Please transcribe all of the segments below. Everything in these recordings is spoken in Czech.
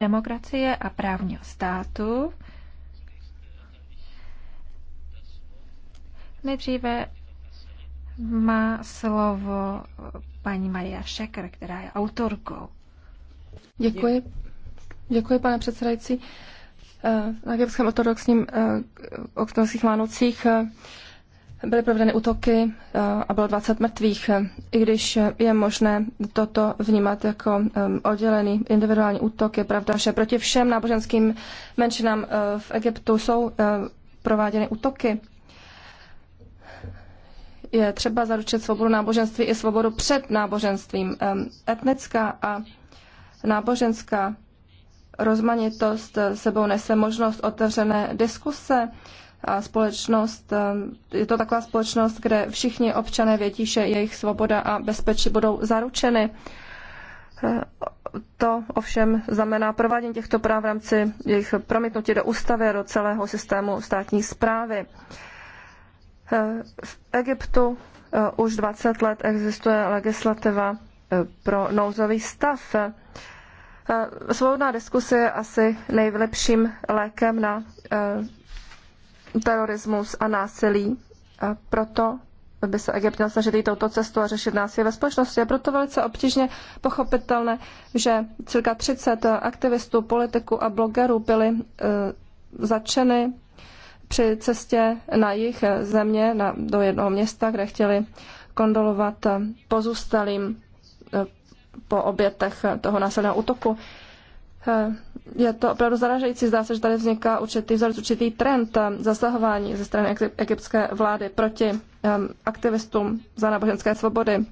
demokracie a právního státu. Nejdříve má slovo paní Maria Šeker, která je autorkou. Děkuji. Děkuji, pane předsedající. Na Gebském ortodoxním oxtonských Vánocích byly provedeny útoky eh, a bylo 20 mrtvých, i když je možné toto vnímat jako eh, oddělený individuální útok. Je pravda, že proti všem náboženským menšinám eh, v Egyptu jsou prováděny útoky. Je třeba zaručit svobodu náboženství i svobodu před náboženstvím. Etnická a náboženská rozmanitost sebou nese možnost otevřené diskuse, společnost, um, je to taková společnost, kde všichni občané vědí, že jejich svoboda a bezpečí budou zaručeny. Eh, to ovšem znamená provádění těchto práv v rámci jejich promítnutí do ústavy a do celého systému státní zprávy. Eh, v Egyptu eh, už 20 let existuje legislativa pro nouzový stav. Svobodná diskuse je asi nejlepším lékem na terorismus a násilí. A proto by se Egypt měl snažit jít touto cestou a řešit násilí ve společnosti. Je proto velice obtížně pochopitelné, že cirka 30 aktivistů, politiků a blogerů byli e, eh, začeny při cestě na jich země na, do jednoho města, kde chtěli kondolovat pozůstalým eh, po obětech toho násilného útoku. Eh, je to opravdu zaražející. Zdá se, že tady vzniká určitý vzorec, určitý trend eh, zasahování ze strany egyptské vlády proti ehm, aktivistům za náboženské svobody.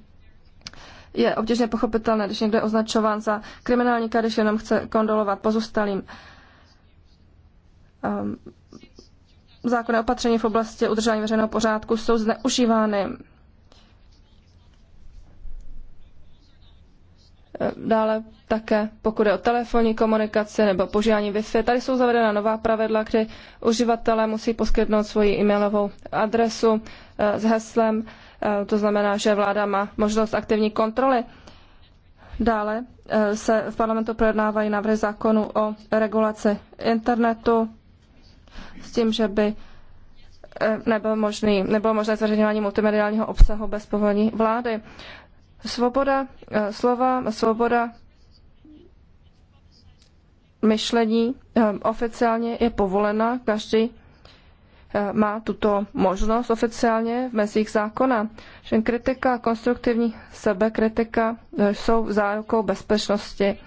Je obtížně pochopitelné, když někdo je označován za kriminálníka, když jenom chce kondolovat pozůstalým. Ehm, Zákonné opatření v oblasti udržování veřejného pořádku jsou zneužívány Eh, dále také, pokud je o telefonní komunikaci nebo požívání Wi-Fi, tady jsou zavedena nová pravidla, kdy uživatelé musí poskytnout svoji e-mailovou adresu eh, s heslem, eh, to znamená, že vláda má možnost aktivní kontroly. Dále se v parlamentu projednávají návrhy zákonu o regulaci internetu s tím, že by nebyl možný, nebylo možné zveřejňování multimediálního obsahu bez povolení vlády. Svoboda eh, slova, svoboda myšlení eh, oficiálně je povolena, každý eh, má tuto možnost oficiálně v mezích zákona. Že kritika a konstruktivní sebekritika jsou zárukou bezpečnosti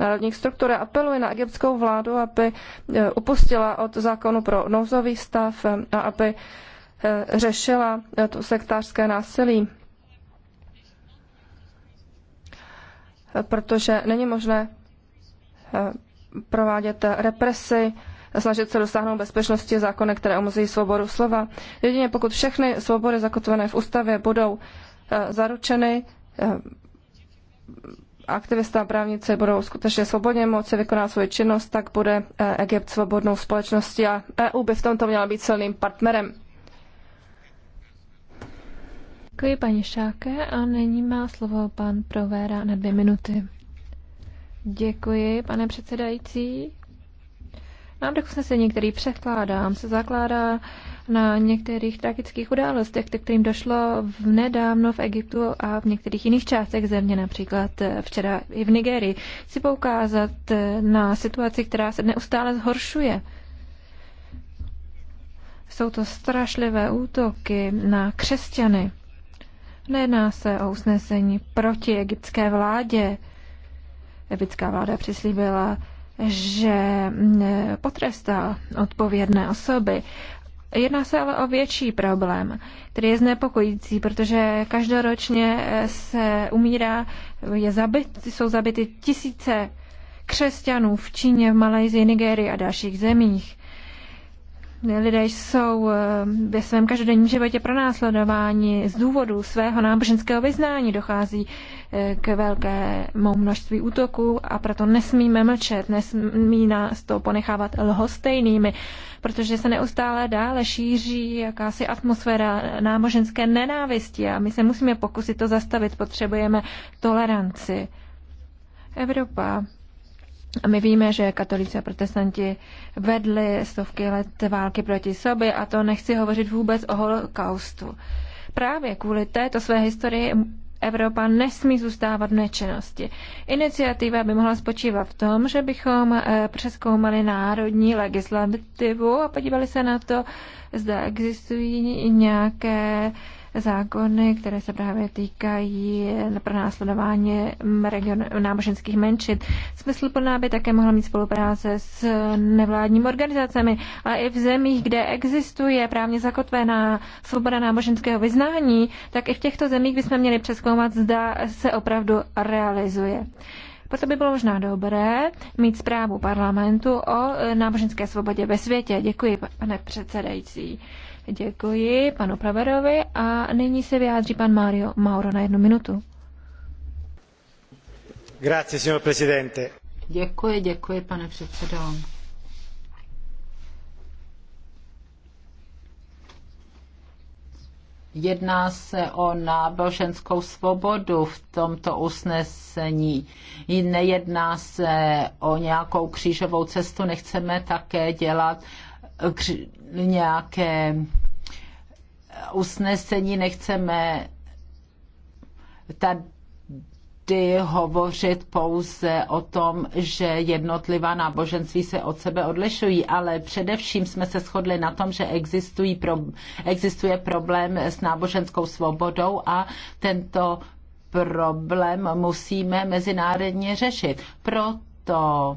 národních struktur. Apeluje na egyptskou vládu, aby upustila od zákonu pro nouzový stav a aby řešila to sektářské násilí. protože není možné eh, provádět represi, snažit se dosáhnout bezpečnosti zákony, které omezují svobodu slova. Jedině pokud všechny svobody zakotvené v ústavě budou eh, zaručeny, eh, aktivista, a právníci budou skutečně svobodně moci vykonat svoji činnost, tak bude Egypt svobodnou společností a EU by v tomto měla být silným partnerem. Děkuji paní Šáke a nyní má slovo pan Provera na dvě minuty. Děkuji, pane předsedající. Návrh usnesení, který překládám, se zakládá na některých tragických událostech, kterým došlo v nedávno v Egyptu a v některých jiných částech země, například včera i v Nigerii. Chci poukázat na situaci, která se neustále zhoršuje. Jsou to strašlivé útoky na křesťany. Nejedná se o usnesení proti egyptské vládě. Egyptská vláda přislíbila, že mm, potrestá odpovědné osoby. Jedná se ale o větší problém, který je znepokojící, protože každoročně eh, se umírá, je zabit, jsou zabity tisíce křesťanů v Číně, v Malajzii, Nigérii a dalších zemích lidé jsou eh, ve svém každodenním životě pronásledováni z důvodu svého náboženského vyznání. Dochází eh, k velkému množství útoků a proto nesmíme mlčet, nesmí nás to ponechávat lhostejnými, protože se neustále dále šíří jakási atmosféra náboženské nenávisti a my se musíme pokusit to zastavit, potřebujeme toleranci. Evropa a my víme, že katolíci a protestanti vedli stovky let války proti sobě a to nechci hovořit vůbec o holokaustu. Právě kvůli této své historii Evropa nesmí zůstávat v nečinnosti. Iniciativa by mohla spočívat v tom, že bychom eh, přeskoumali národní legislativu a podívali se na to, zda existují nějaké zákony, které se právě týkají pronásledování region, náboženských menšin. Smysluplná by také mohla mít spolupráce s nevládními organizacemi, ale i v zemích, kde existuje právně zakotvená svoboda náboženského vyznání, tak i v těchto zemích bychom měli přeskoumat, zda se opravdu realizuje. Proto by bylo možná dobré mít zprávu parlamentu o náboženské svobodě ve světě. Děkuji, pane předsedající. Děkuji panu Praverovi a nyní se vyjádří pan Mario Mauro na jednu minutu. Grazie, signor presidente. Děkuji, děkuji, pane předsedo. Jedná se o náboženskou svobodu v tomto usnesení. Nejedná se o nějakou křížovou cestu, nechceme také dělat nějaké usnesení, nechceme tady hovořit pouze o tom, že jednotlivá náboženství se od sebe odlišují, ale především jsme se shodli na tom, že existují pro, existuje problém s náboženskou svobodou a tento problém musíme mezinárodně řešit. Proto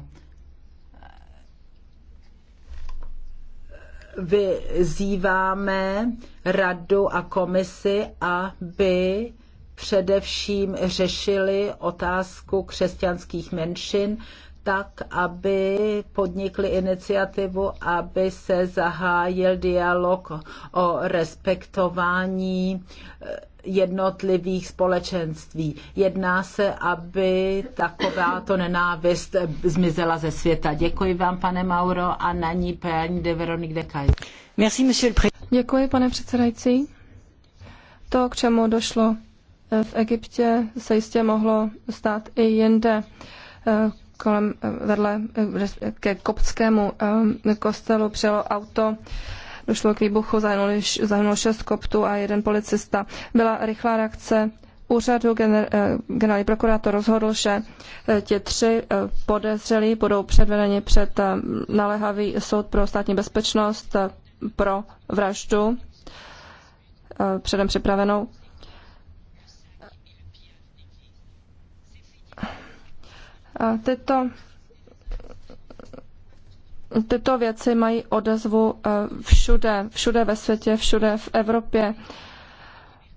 vyzýváme radu a komisi, aby především řešili otázku křesťanských menšin tak, aby podnikli iniciativu, aby se zahájil dialog o respektování eh, jednotlivých společenství. Jedná se, aby takováto nenávist zmizela ze světa. Děkuji vám, pane Mauro, a na ní paní de Veronique de Kaj. Děkuji, pane předsedající. To, k čemu došlo eh, v Egyptě, se jistě mohlo stát i jinde eh, kolem vedle eh, ke koptskému eh, kostelu přelo auto došlo k výbuchu, zahynulo šest koptů a jeden policista. Byla rychlá reakce úřadu, gener, eh, generální prokurátor rozhodl, že ti tři podezřelí budou předvedeni před naléhavý soud pro státní bezpečnost pro vraždu předem připravenou Tyto tyto věci mají odezvu eh, všude, všude ve světě, všude v Evropě,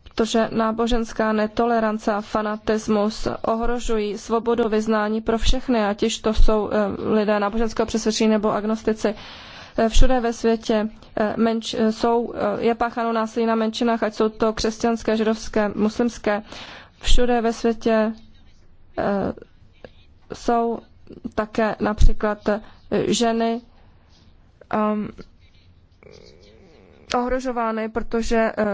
protože náboženská netolerance a fanatismus ohrožují svobodu vyznání pro všechny, ať již to jsou eh, lidé náboženského přesvědčení nebo agnostici. Eh, všude ve světě menš, jsou, je pácháno násilí na menšinách, ať jsou to křesťanské, židovské, muslimské. Všude ve světě jsou také například ženy um, ohrožovány, protože, eh,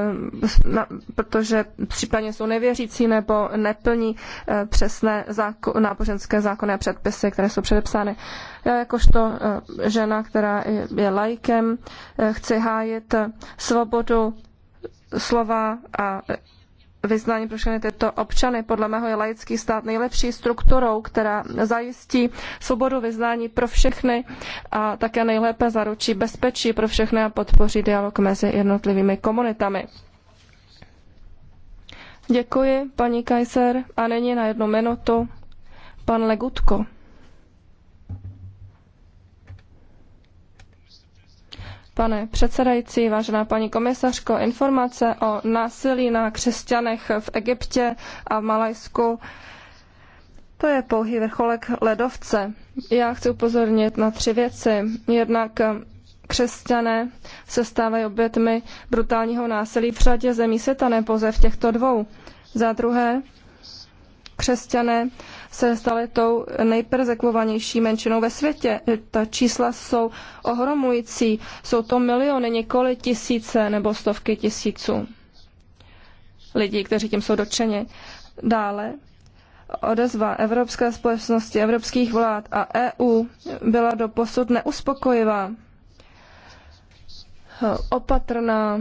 protože případně jsou nevěřící nebo neplní eh, přesné zákon, náboženské zákony a předpisy, které jsou předepsány. Já jakožto eh, žena, která je lajkem, chci hájit svobodu slova a vyznání pro všechny tyto občany. Podle mého je laický stát nejlepší strukturou, která zajistí svobodu vyznání pro všechny a také nejlépe zaručí bezpečí pro všechny a podpoří dialog mezi jednotlivými komunitami. Děkuji, paní Kaiser. A nyní na jednu minutu pan Legutko. Pane předsedající, vážená paní komisařko, informace o násilí na křesťanech v Egyptě a v Malajsku, to je pouhý vrcholek ledovce. Já chci upozornit na tři věci. Jednak křesťané se stávají obětmi brutálního násilí v řadě zemí světa, ne pouze v těchto dvou. Za druhé, křesťané se stali tou nejperzekvovanější menšinou ve světě. Ta čísla jsou ohromující. Jsou to miliony, nikoli tisíce nebo stovky tisíců lidí, kteří tím jsou dotčeni. Dále odezva Evropské společnosti, evropských vlád a EU byla do posud neuspokojivá, opatrná,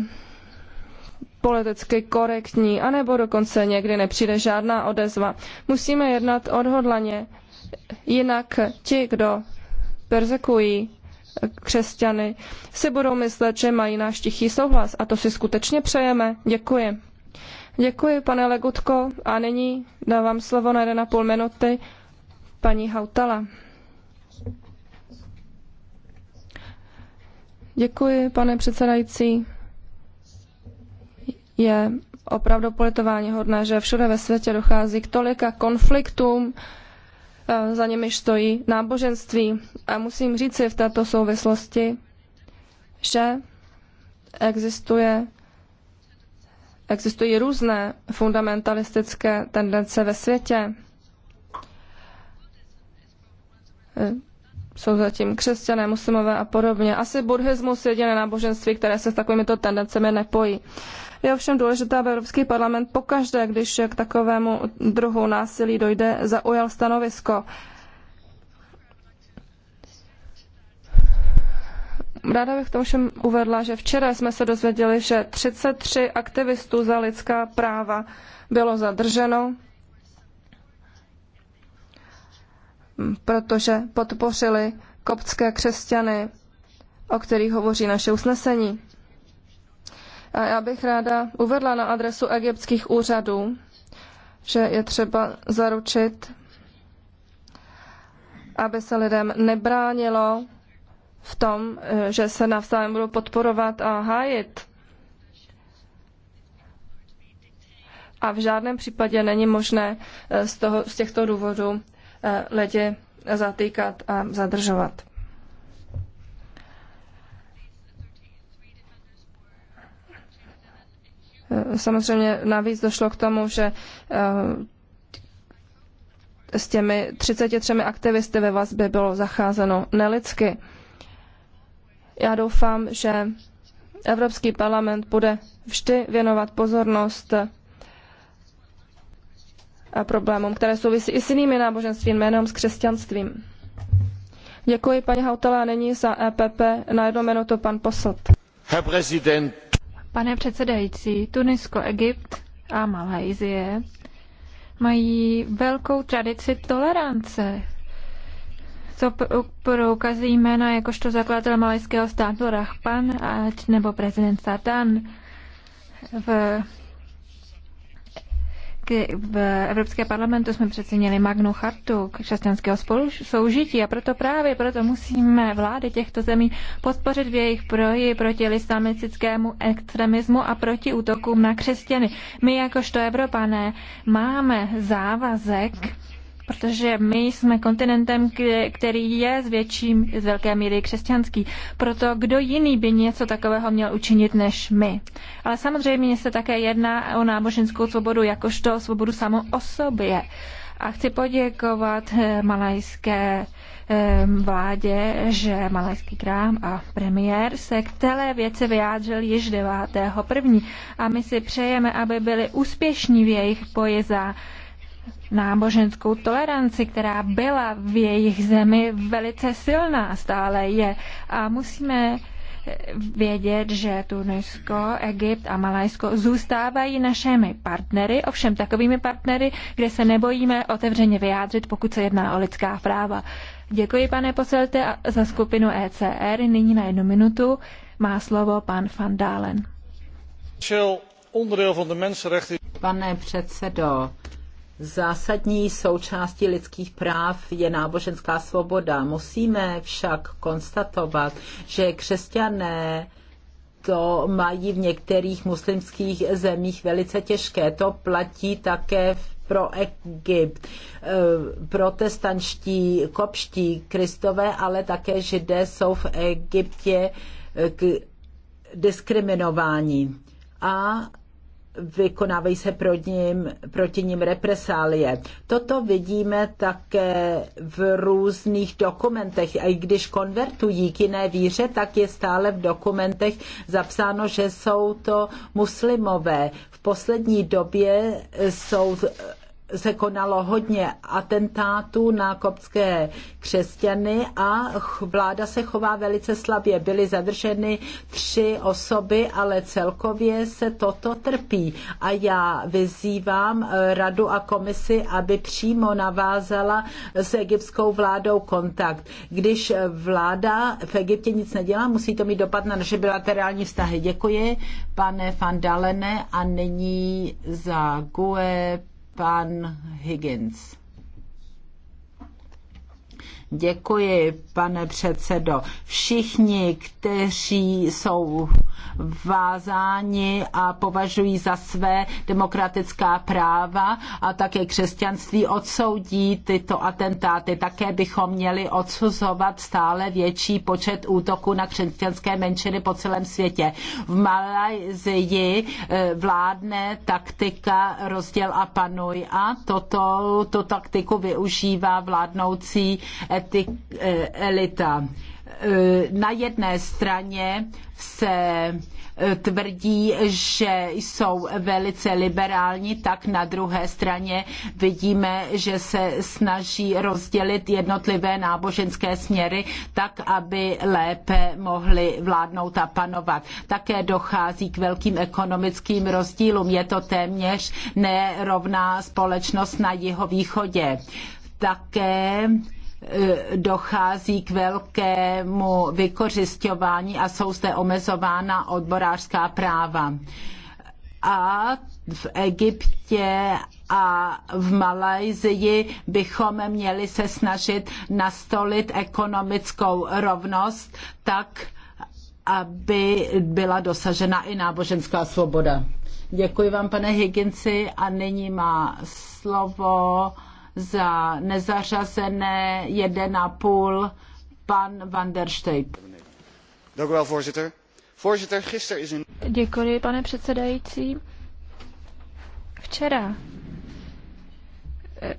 politicky korektní, anebo dokonce někdy nepřijde žádná odezva. Musíme jednat odhodlaně, jinak ti, kdo persekují křesťany, si budou myslet, že mají náš tichý souhlas a to si skutečně přejeme. Děkuji. Děkuji, pane Legutko, a nyní dávám slovo na 1,5 minuty paní Hautala. Děkuji, pane předsedající. Je opravdu politování hodné, že všude ve světě dochází k tolika konfliktům, eh, za nimi stojí náboženství. A musím říci v této souvislosti, že existuje, existují různé fundamentalistické tendence ve světě. Eh, jsou zatím křesťané, muslimové a podobně. Asi buddhismus je jediné náboženství, které se s takovými tendencemi nepojí. Je ovšem důležité, aby Evropský parlament pokaždé, když k takovému druhu násilí dojde, zaujal stanovisko. Ráda bych tomu všem uvedla, že včera jsme se dozvěděli, že 33 aktivistů za lidská práva bylo zadrženo, protože podpořili koptské křesťany, o kterých hovoří naše usnesení. A já bych ráda uvedla na adresu egyptských úřadů, že je třeba zaručit, aby se lidem nebránilo v tom, že se navzájem budou podporovat a hájit. A v žádném případě není možné eh, z, toho, z těchto důvodů eh, lidi zatýkat a zadržovat. Eh, samozřejmě navíc došlo k tomu, že eh, s těmi 33 aktivisty ve vazbě bylo zacházeno nelidsky. Já doufám, že Evropský parlament bude vždy věnovat pozornost a eh, problémům, které souvisí i s jinými náboženstvím, jenom s křesťanstvím. Děkuji, paní Hautala, a nyní za EPP na jednu minutu pan poslat. Herr Präsident, Pane předsedající, Tunisko, Egypt a Malajzie mají velkou tradici tolerance. Co prokazí jména jakožto zakladatel malajského státu Rahpan a, nebo prezident Satan v taky v Evropské parlamentu jsme přece měli Magnu chartu křesťanského spolu, soužití a proto právě proto musíme vlády těchto zemí podpořit v jejich proji proti islamistickému extremismu a proti útokům na křesťany. My jakožto Evropané máme závazek protože my jsme kontinentem, který je z, větší, z velké míry křesťanský. Proto kdo jiný by něco takového měl učinit než my. Ale samozřejmě se také jedná o náboženskou svobodu jakožto svobodu samo o sobě. A chci poděkovat eh, malajské eh, vládě, že malajský krám a premiér se k té věci vyjádřil již 9.1. první. A my si přejeme, aby byli úspěšní v jejich boji za náboženskou toleranci, která byla v jejich zemi velice silná, stále je. A musíme vědět, že Tunisko, Egypt a Malajsko zůstávají našimi partnery, ovšem takovými partnery, kde se nebojíme otevřeně vyjádřit, pokud se jedná o lidská práva. Děkuji, pane poselte, za skupinu ECR. Nyní na jednu minutu má slovo pan Van Dalen. Pane předsedo, Zásadní součástí lidských práv je náboženská svoboda. Musíme však konstatovat, že křesťané to mají v některých muslimských zemích velice těžké. To platí také pro Egypt. Eh, Protestanští, kopští, kristové, ale také židé jsou v Egyptě diskriminování. A vykonávají se proti ním, proti ním represálie. Toto vidíme také v různých dokumentech. A i když konvertují k jiné víře, tak je stále v dokumentech zapsáno, že jsou to muslimové. V poslední době jsou se konalo hodně atentátů na koptské křesťany a vláda se chová velice slabě. Byly zadrženy tři osoby, ale celkově se toto trpí. A já vyzývám eh, radu a komisi, aby přímo navázala s egyptskou vládou kontakt. Když vláda v Egyptě nic nedělá, musí to mít dopad na naše bilaterální vztahy. Děkuji, pane Fandalene, a nyní za GUE Pan Higgins. Děkuji, pane předsedo. Všichni, kteří jsou vázáni a považují za své demokratická práva a také křesťanství, odsoudí tyto atentáty. Také bychom měli odsuzovat stále větší počet útoků na křesťanské menšiny po celém světě. V Malajzii eh, vládne taktika rozděl a panuj a toto, tu taktiku využívá vládnoucí Eh, elita. Eh, na jedné straně se eh, tvrdí, že jsou velice liberální, tak na druhé straně vidíme, že se snaží rozdělit jednotlivé náboženské směry tak, aby lépe mohli vládnout a panovat. Také dochází k velkým ekonomickým rozdílům. Je to téměř nerovná společnost na jihovýchodě. Také Eh, dochází k velkému vykořišťování a jsou zde omezována odborářská práva. A v Egyptě a v Malajsii bychom měli se snažit nastolit ekonomickou rovnost tak, aby byla dosažena i náboženská svoboda. Děkuji vám, pane Higginsi, a nyní má slovo za nezařazené 1,5 pan van der Steyp. Děkuji, pane předsedající. Včera eh,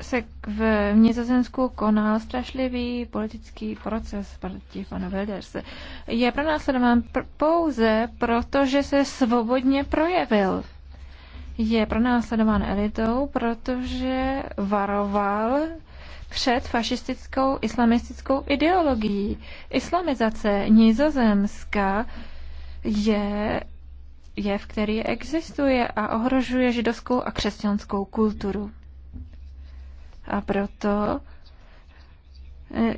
se v Nizozemsku konal strašlivý politický proces proti panu Wilders. Je pronásledován pr- pouze proto, že se svobodně projevil je pronásledován elitou, protože varoval před fašistickou islamistickou ideologií. Islamizace Nizozemska je je v který existuje a ohrožuje židovskou a křesťanskou kulturu. A proto eh,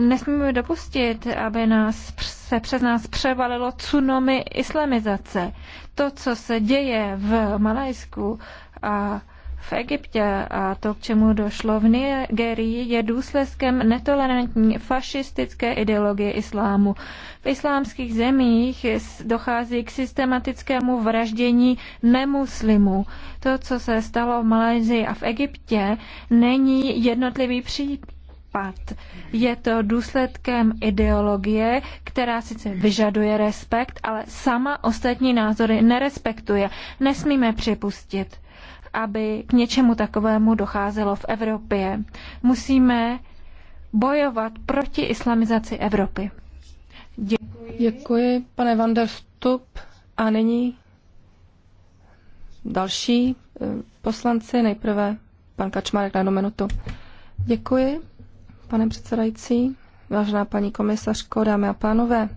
nesmíme dopustit, aby nás se přes nás převalilo tsunami islamizace. To, co se děje v Malajsku a v Egyptě a to, k čemu došlo v Nigerii, je důsledkem netolerantní fašistické ideologie islámu. V islámských zemích dochází k systematickému vraždění nemuslimů. To, co se stalo v Malajzii a v Egyptě, není jednotlivý případ dopad. Je to důsledkem ideologie, která sice vyžaduje respekt, ale sama ostatní názory nerespektuje. Nesmíme připustit, aby k něčemu takovému docházelo v Evropě. Musíme bojovat proti islamizaci Evropy. Děkuji. Děkuji, pane Van der Stup. A nyní další eh, poslanci. Nejprve pan Kačmarek na jednu minutu. Děkuji pane předsedající, vážená paní komisařko, dámy a pánové.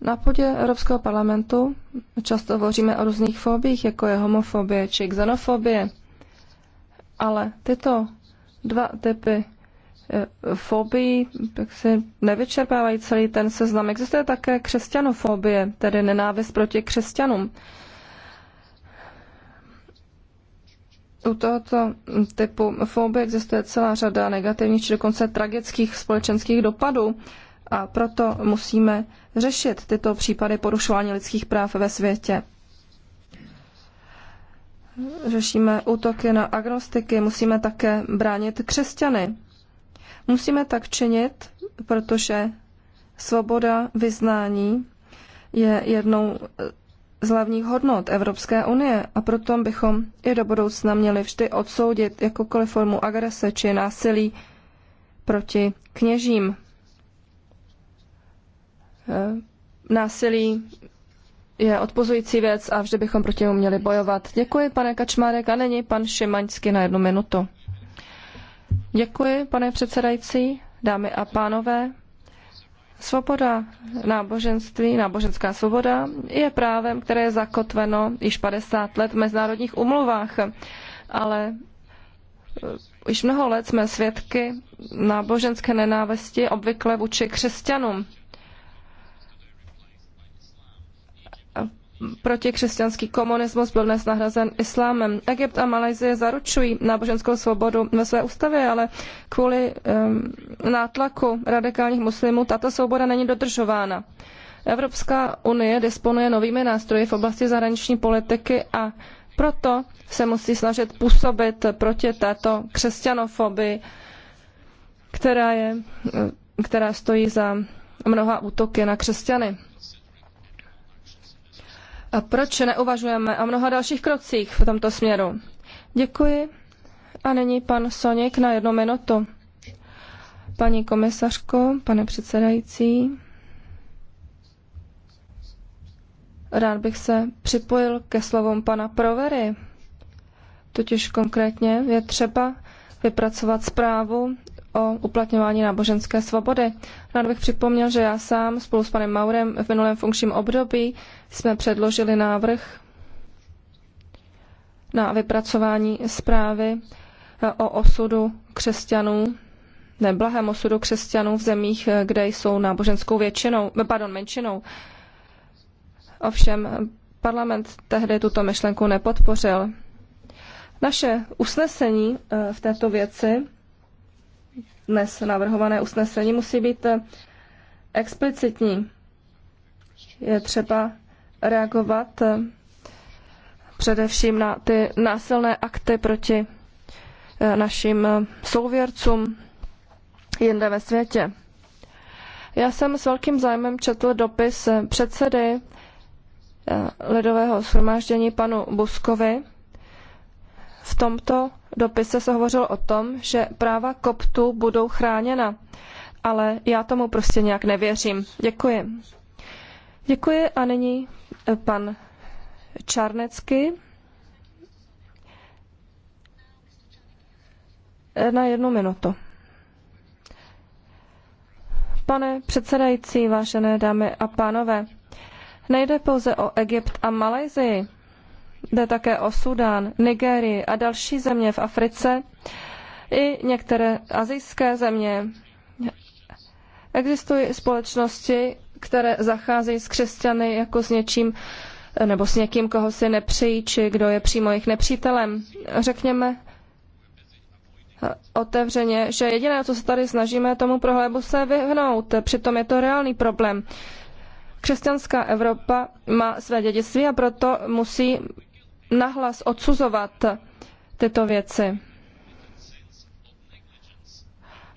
Na podě Evropského parlamentu často hovoříme o různých fobích, jako je homofobie či xenofobie, ale tyto dva typy e, fobii tak si nevyčerpávají celý ten seznam. Existuje také křesťanofobie, tedy nenávist proti křesťanům. u tohoto typu fobie existuje celá řada negativních či dokonce tragických společenských dopadů a proto musíme řešit tyto případy porušování lidských práv ve světě. Řešíme útoky na agnostiky, musíme také bránit křesťany. Musíme tak činit, protože svoboda vyznání je jednou z hlavních hodnot Evropské unie a proto bychom i do budoucna měli vždy odsoudit jakoukoliv formu agrese či násilí proti kněžím. E, násilí je odpozující věc a vždy bychom proti němu měli bojovat. Děkuji, pane Kačmárek, a není pan Šimaňský na jednu minutu. Děkuji, pane předsedající, dámy a pánové. Svoboda náboženství, náboženská svoboda je právem, které je zakotveno již 50 let v mezinárodních umluvách, ale eh, již mnoho let jsme svědky náboženské nenávisti, obvykle vůči křesťanům. protikřesťanský komunismus byl dnes nahrazen islámem. Egypt a Malajzie zaručují náboženskou svobodu ve své ústavě, ale kvůli um, nátlaku radikálních muslimů tato svoboda není dodržována. Evropská unie disponuje novými nástroji v oblasti zahraniční politiky a proto se musí snažit působit proti této křesťanofobii, která, je, která stojí za mnoha útoky na křesťany proč neuvažujeme o mnoha dalších krocích v tomto směru. Děkuji. A nyní pan Soněk na jednu minutu. Paní komisařko, pane předsedající, rád bych se připojil ke slovům pana Provery. Totiž konkrétně je třeba vypracovat zprávu o uplatňování náboženské svobody. Rád bych připomněl, že já sám spolu s panem Maurem v minulém funkčním období jsme předložili návrh na vypracování zprávy eh, o osudu křesťanů, neblahém osudu křesťanů v zemích, eh, kde jsou náboženskou většinou, eh, pardon, menšinou. Ovšem parlament tehdy tuto myšlenku nepodpořil. Naše usnesení v této věci dnes navrhované usnesení musí být eh, explicitní. Je třeba reagovat eh, především na ty násilné akty proti eh, našim souvěrcům jinde ve světě. Já jsem s velkým zájmem četl dopis předsedy Lidového shromáždění panu Buskovi. V tomto dopise se hovořilo o tom, že práva koptů budou chráněna, ale já tomu prostě nějak nevěřím. Děkuji. Děkuji a nyní eh, pan Čarnecky. Eh, na jednu minutu. Pane předsedající, vážené dámy a pánové, nejde pouze o Egypt a Malajzii. Jde také o Sudán, Nigérii a další země v Africe i některé azijské země. Existují společnosti, které zacházejí s křesťany jako s něčím nebo s někým, koho si nepřejí, či kdo je přímo jejich nepřítelem. Řekněme otevřeně, že jediné, co se tady snažíme, tomu prohlébu se vyhnout. Přitom je to reálný problém. Křesťanská Evropa má své dědictví a proto musí nahlas odsuzovat tyto věci.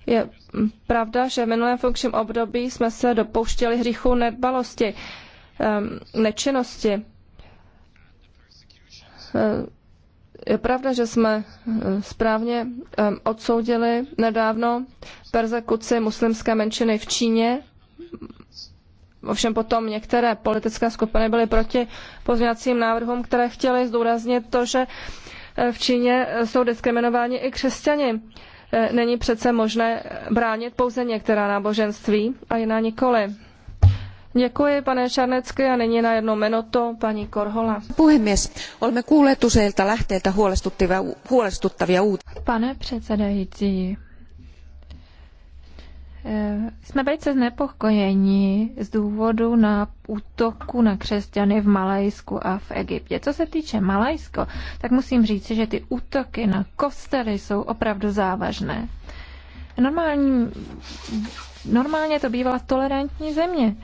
Je pravda, že v minulém funkčním období jsme se dopouštěli hříchu nedbalosti, ehm, nečinnosti. Eh, je pravda, že jsme eh, správně ehm, odsoudili nedávno persekuci muslimské menšiny v Číně. Ovšem potom některé politické skupiny byly proti pozměňovacím návrhům, které chtěly zdůraznit to, že eh, v Číně eh, jsou diskriminováni i křesťani. Eh, není přece možné bránit pouze některá náboženství a jiná nikoli. Děkuji, pane Čarnecky, a nyní na jednu minutu paní Korhola. Puhemies, olemme kuulleet useilta lähteiltä huolestuttavia, huolestuttavia uutisia. Pane předsedající, Eh, jsme velice znepokojeni z důvodu na útoku na křesťany v Malajsku a v Egyptě. Co se týče Malajsko, tak musím říct, že ty útoky na kostely jsou opravdu závažné. Normální, normálně to bývala tolerantní země.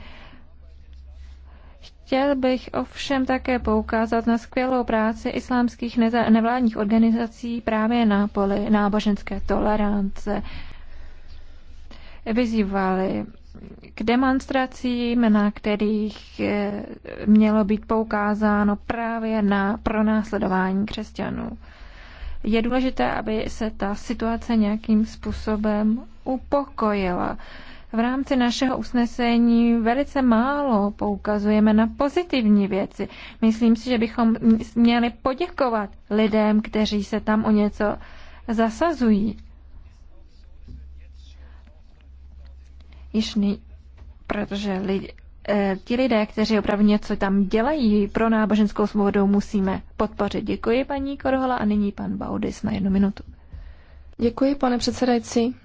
Chtěl bych ovšem také poukázat na skvělou práci islámských nevládních organizací právě na poli náboženské tolerance vyzývali k demonstracím, na kterých eh, mělo být poukázáno právě na pronásledování křesťanů. Je důležité, aby se ta situace nějakým způsobem upokojila. V rámci našeho usnesení velice málo poukazujeme na pozitivní věci. Myslím si, že bychom měli poděkovat lidem, kteří se tam o něco zasazují. již ne, protože lidi, eh, ti lidé, kteří opravdu něco tam dělají pro náboženskou svobodu, musíme podpořit. Děkuji paní Korhola a nyní pan Baudis na jednu minutu. Děkuji, pane předsedající.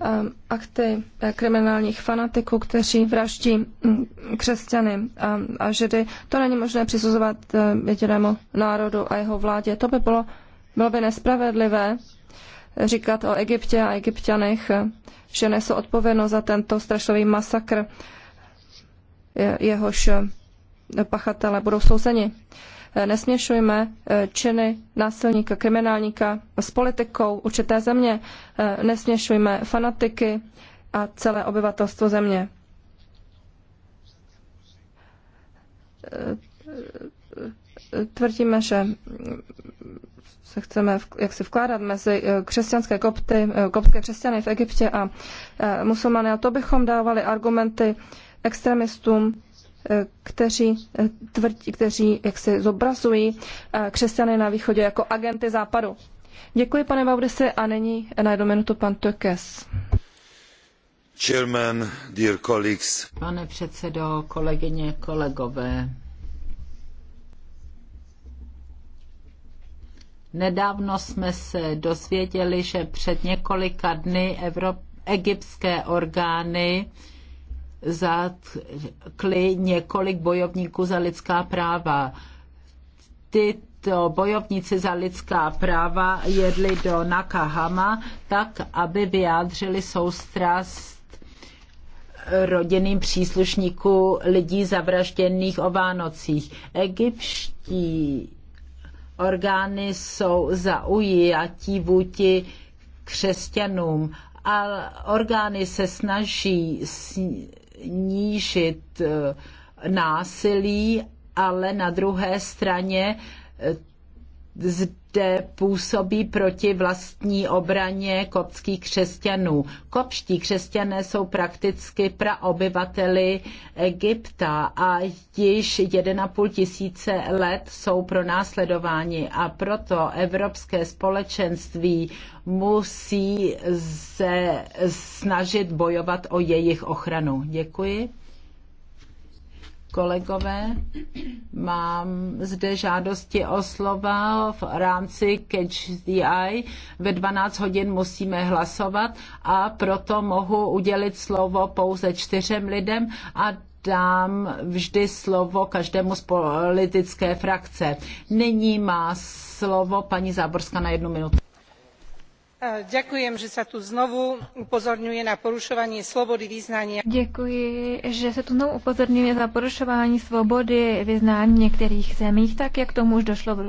Ehm, akty eh, kriminálních fanatiků, kteří vraždí mm, křesťany a, ehm, a židy, to není možné přisuzovat eh, jedinému národu a jeho vládě. To by bylo, bylo by nespravedlivé říkat o Egyptě a egyptianech, že nesou odpovědnost za tento strašlivý masakr, jehož eh, pachatele budou souzeni. Eh, nesměšujme eh, činy násilníka, kriminálníka s politikou určité země. Nesměšujme fanatiky a celé obyvatelstvo země tvrdíme, že se chceme jak si vkládat mezi eh, křesťanské kopty, eh, koptské křesťany v Egyptě a eh, musulmany. A to bychom dávali argumenty extremistům, kteří, tvrdí, kteří jak si zobrazují křesťany na východě jako agenty západu. Děkuji, pane Baudisi, a nyní na jednu minutu pan Tökes. Chairman, dear colleagues. Pane předsedo, kolegyně, kolegové, Nedávno jsme se dozvěděli, že před několika dny Evrop- egyptské orgány zatkli několik bojovníků za lidská práva. Tyto bojovníci za lidská práva jedli do Nakahama tak, aby vyjádřili soustrast rodinným příslušníků lidí zavražděných o Vánocích. Egyptští orgány jsou zaujatí vůti křesťanům a orgány se snaží snížit eh, násilí, ale na druhé straně eh, zde působí proti vlastní obraně koptských křesťanů. Kopští křesťané jsou prakticky praobyvateli Egypta a již 1,5 tisíce let jsou pronásledováni a proto Evropské společenství musí se snažit bojovat o jejich ochranu. Děkuji. Kolegové, mám zde žádosti o slova v rámci Catch the Eye. Ve 12 hodin musíme hlasovat a proto mohu udělit slovo pouze čtyřem lidem a dám vždy slovo každému z politické frakce. Nyní má slovo paní Záborská na jednu minutu. Děkuji, že se tu znovu upozorňuje na porušování svobody vyznania. Děkuji, že se tu znovu upozorňuje za porušování svobody vyznání v některých zemích, tak jak tomu už došlo v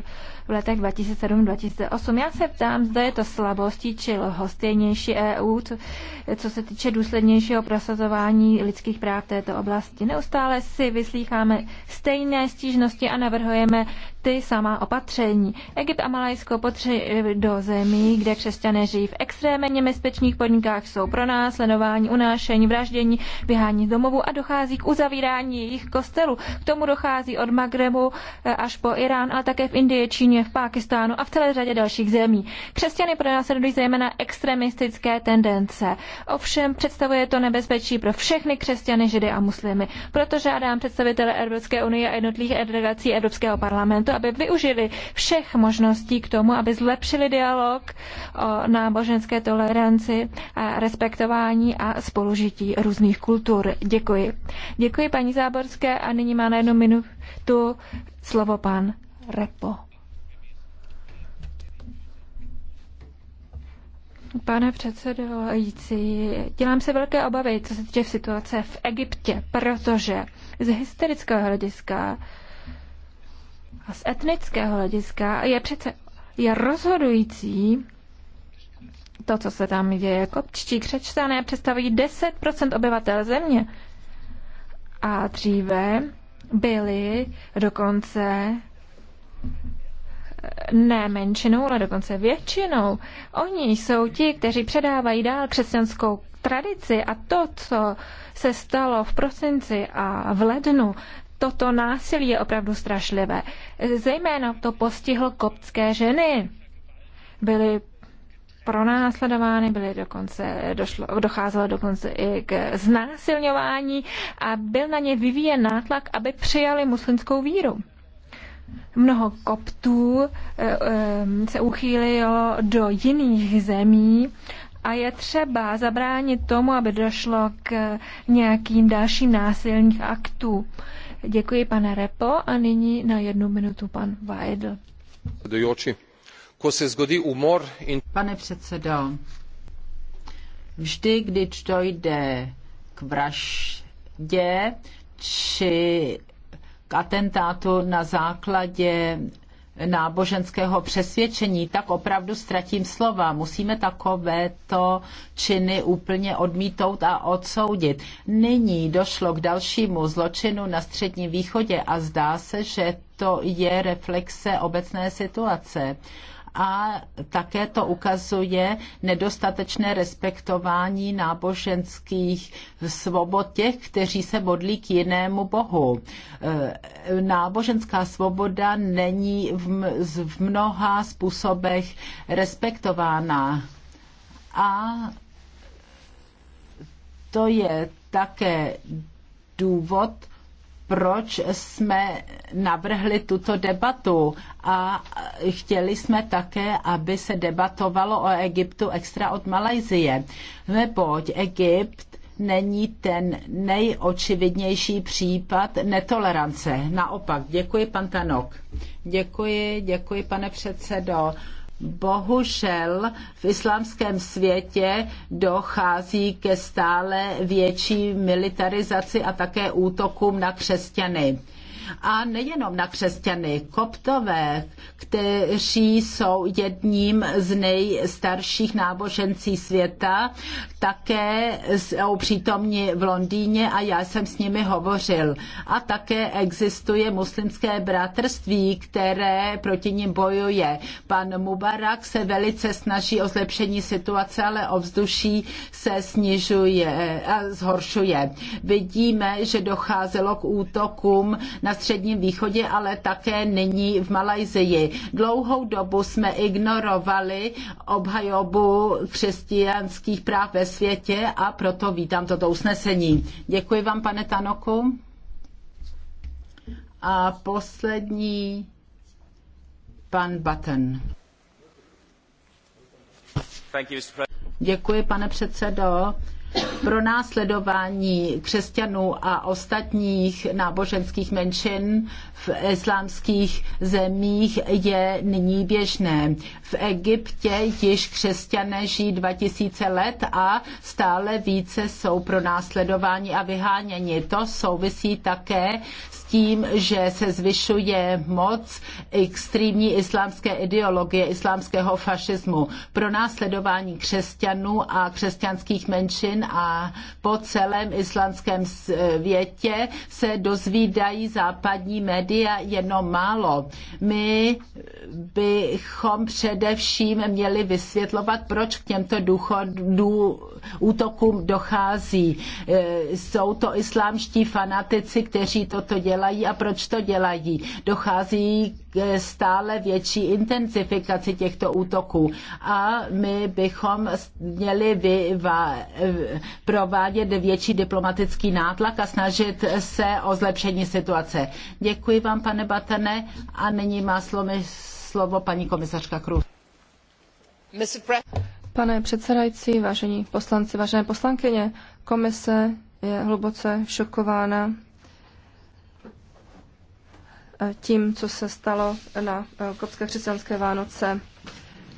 letech 2007-2008. Já se ptám, zda je to slabostí či lhostejnější EU, co, co se týče důslednějšího prosazování lidských práv v této oblasti. Neustále si vyslýcháme stejné stížnosti a navrhujeme ty samá opatření. Egypt a Malajsko potře do zemí, kde křesťané žijí v extrémně nebezpečných podmínkách, jsou pro nás sledování, unášení, vraždění, vyhání z domovu a dochází k uzavírání jejich kostelů. K tomu dochází od Magrebu eh, až po Irán, ale také v Indii, Číně, v Pákistánu a v celé řadě dalších zemí. Křesťany sledují zejména extremistické tendence. Ovšem představuje to nebezpečí pro všechny křesťany, židy a muslimy. Proto žádám představitele Evropské unie a jednotlivých delegací Evropského parlamentu, to, aby využili všech možností k tomu, aby zlepšili dialog o náboženské toleranci a respektování a spolužití různých kultur. Děkuji. Děkuji paní Záborské a nyní má na jednu minutu slovo pan Repo. Pane předsedající, dělám se velké obavy, co se týče situace v Egyptě, protože z historického hlediska a z etnického hlediska je přece je rozhodující to, co se tam děje. Kopčtí jako křečtané představují 10% obyvatel země. A dříve byli dokonce eh, ne menšinou, ale dokonce většinou. Oni jsou ti, kteří předávají dál křesťanskou tradici a to, co se stalo v prosinci a v lednu, Toto násilí je opravdu strašlivé. Zejména to postihlo koptské ženy. Byly pronásledovány, byly dokonce, došlo, docházelo dokonce i k znásilňování a byl na ně vyvíjen nátlak, aby přijali muslimskou víru. Mnoho koptů eh, eh, se uchýlilo do jiných zemí a je třeba zabránit tomu, aby došlo k nějakým dalším násilných aktům. Děkuji, pane Repo. A nyní na jednu minutu pan Vajdl. Pane předsedo, vždy, když dojde k vraždě či k atentátu na základě náboženského přesvědčení, tak opravdu ztratím slova. Musíme takovéto činy úplně odmítout a odsoudit. Nyní došlo k dalšímu zločinu na Středním východě a zdá se, že to je reflexe obecné situace a také to ukazuje nedostatečné respektování náboženských svobod těch, kteří se modlí k jinému bohu. E, náboženská svoboda není v mnoha způsobech respektována. A to je také důvod, proč jsme navrhli tuto debatu a chtěli jsme také, aby se debatovalo o Egyptu extra od Malajzie, neboť Egypt není ten nejočividnější případ netolerance. Naopak, děkuji pan Tanok. Děkuji, děkuji pane předsedo. Bohužel v islámském světě dochází ke stále větší militarizaci a také útokům na křesťany a nejenom na křesťany, koptové, kteří jsou jedním z nejstarších nábožencí světa, také jsou přítomni v Londýně a já jsem s nimi hovořil. A také existuje muslimské bratrství, které proti nim bojuje. Pan Mubarak se velice snaží o zlepšení situace, ale ovzduší se snižuje a zhoršuje. Vidíme, že docházelo k útokům na Středním východě, ale také nyní v Malajzii. Dlouhou dobu jsme ignorovali obhajobu křesťanských práv ve světě a proto vítám toto usnesení. Děkuji vám, pane Tanoku. A poslední pan Button. Děkuji, pane předsedo pro následování křesťanů a ostatních náboženských menšin v islámských zemích je nyní běžné. V Egyptě již křesťané žijí 2000 let a stále více jsou pro následování a vyháněni. To souvisí také s tím, že se zvyšuje moc extrémní islámské ideologie, islámského fašismu, pro následování křesťanů a křesťanských menšin a po celém islámském e, světě se dozvídají západní média jenom málo. My bychom především měli vysvětlovat, proč k těmto důchodů útokům dochází. E, jsou to islámští fanatici, kteří toto dělají dělají a proč to dělají. Dochází k stále větší intenzifikaci těchto útoků a my bychom měli vyva, provádět větší diplomatický nátlak a snažit se o zlepšení situace. Děkuji vám, pane Batene, a nyní má slovo, slovo paní komisařka Krůz. Pane předsedající, vážení poslanci, vážené poslankyně, komise je hluboce šokována Eh, tím, co se stalo na eh, kopské křesťanské Vánoce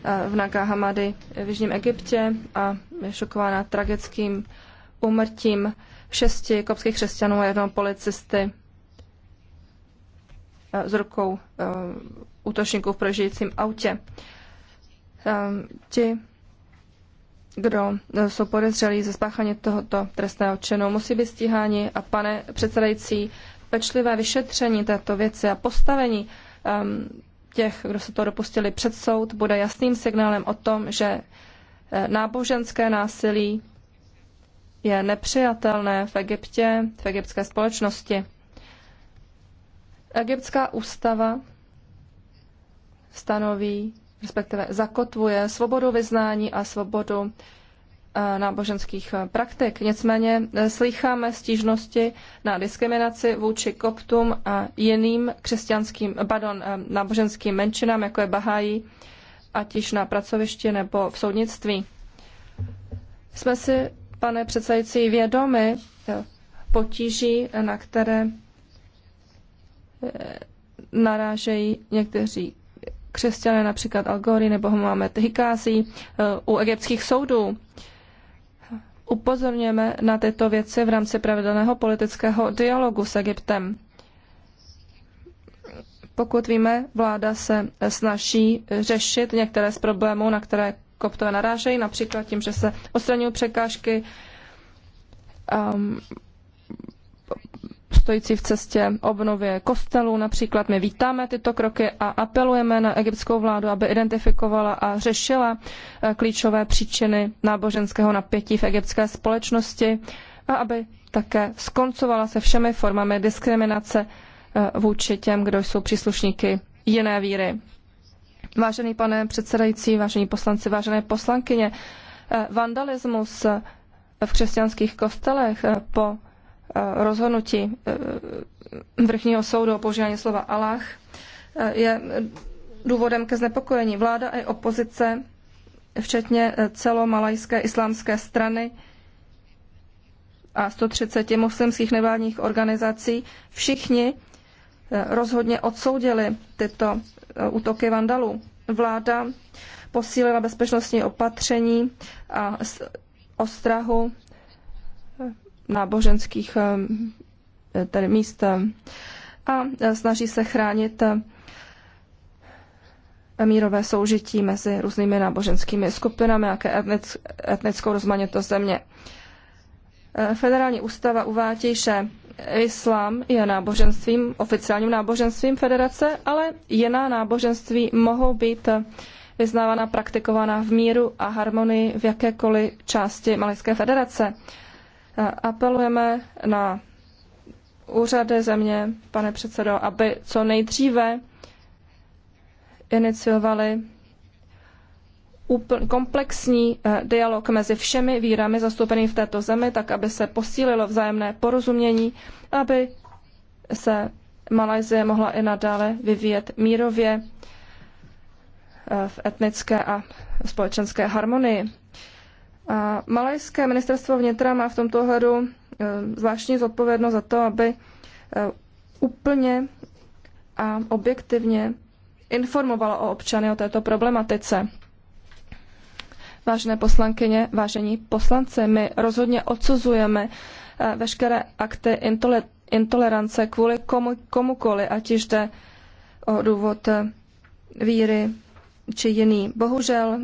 eh, v Nagahamady v Jižním Egyptě a je šokována tragickým úmrtím šesti kopských křesťanů a jednoho policisty s rukou útočníků v prožijícím autě. Ti, kdo jsou podezřelí ze spáchání tohoto trestného činu, musí být stíháni a pane předsedající, pečlivé vyšetření této věci a postavení um, těch, kdo se to dopustili před soud, bude jasným signálem o tom, že eh, náboženské násilí je nepřijatelné v Egyptě, v egyptské společnosti. Egyptská ústava stanoví, respektive zakotvuje svobodu vyznání a svobodu Eh, náboženských eh, praktik. Nicméně eh, slýcháme stížnosti na diskriminaci vůči koptům a jiným křesťanským, pardon, náboženským menšinám, jako je Bahají, ať již na pracovišti nebo v soudnictví. Jsme si, pane předsedající, vědomi potíží, na které narážejí někteří křesťané, například Algory nebo Mohamed Hikází u egyptských soudů upozorňujeme na tyto věci v rámci pravidelného politického dialogu s Egyptem. Pokud víme, vláda se snaží řešit některé z problémů, na které koptové narážejí, například tím, že se odstraňují překážky, um, stojící v cestě obnově kostelů. Například my vítáme tyto kroky a apelujeme na egyptskou vládu, aby identifikovala a řešila eh, klíčové příčiny náboženského napětí v egyptské společnosti a aby také skoncovala se všemi formami diskriminace eh, vůči těm, kdo jsou příslušníky jiné víry. Vážený pane předsedající, vážení poslanci, vážené poslankyně, eh, vandalismus v křesťanských kostelech po Eh, rozhodnutí eh, vrchního soudu o používání slova Allah eh, je důvodem ke znepokojení. Vláda i opozice, včetně celomalajské islámské strany a 130 muslimských nevládních organizací, všichni rozhodně odsoudili tyto útoky vandalů. Vláda posílila bezpečnostní opatření a ostrahu náboženských eh, tedy míst eh, a snaží se chránit eh, mírové soužití mezi různými náboženskými skupinami, jaké etnickou rozmanitost země. Federální ústava uvádí, že islám je náboženstvím, oficiálním náboženstvím federace, ale jiná náboženství mohou být vyznávána, praktikována v míru a harmonii v jakékoliv části Malajské federace. Eh, apelujeme na úřady země, pane předsedo, aby co nejdříve iniciovali komplexní eh, dialog mezi všemi vírami zastoupenými v této zemi, tak aby se posílilo vzájemné porozumění, aby se Malajzie mohla i nadále vyvíjet mírově eh, v etnické a společenské harmonii. A malajské ministerstvo vnitra má v tomto ohledu e, zvláštní zodpovědnost za to, aby e, úplně a objektivně informovala o občany o této problematice. Vážené poslankyně, vážení poslanci, my rozhodně odsuzujeme e, veškeré akty intolerance kvůli komu, komukoli, ať již jde o důvod víry či jiný. Bohužel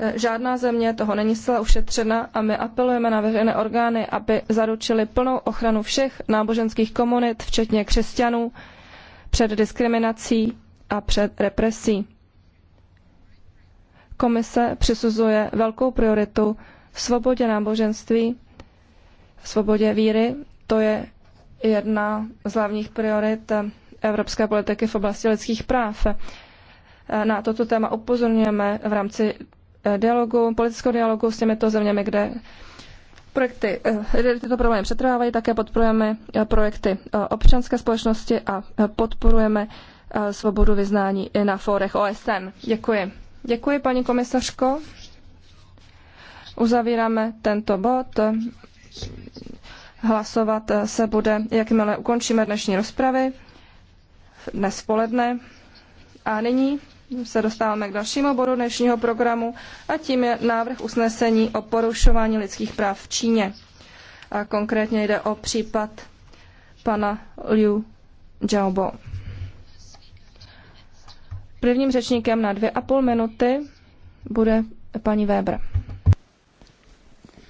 Eh, žádná země toho není zcela ušetřena a my apelujeme na veřejné orgány, aby zaručili plnou ochranu všech náboženských komunit, včetně křesťanů, před diskriminací a před represí. Komise přisuzuje velkou prioritu svobodě náboženství, svobodě víry. To je jedna z hlavních priorit eh, evropské politiky v oblasti lidských práv. Eh, na toto téma upozorňujeme v rámci dialogu, politického dialogu s těmito zeměmi, kde projekty, eh, tyto problémy přetrvávají, také podporujeme eh, projekty eh, občanské společnosti a podporujeme svobodu vyznání i na fórech OSN. Děkuji. Děkuji, paní komisařko. Uzavíráme tento bod. Hlasovat se bude, jakmile ukončíme dnešní rozpravy, dnes poledne. A nyní se dostáváme k dalšímu bodu dnešního programu a tím je návrh usnesení o porušování lidských práv v Číně. A konkrétně jde o případ pana Liu Zhaobo. Prvním řečníkem na dvě a půl minuty bude paní Weber.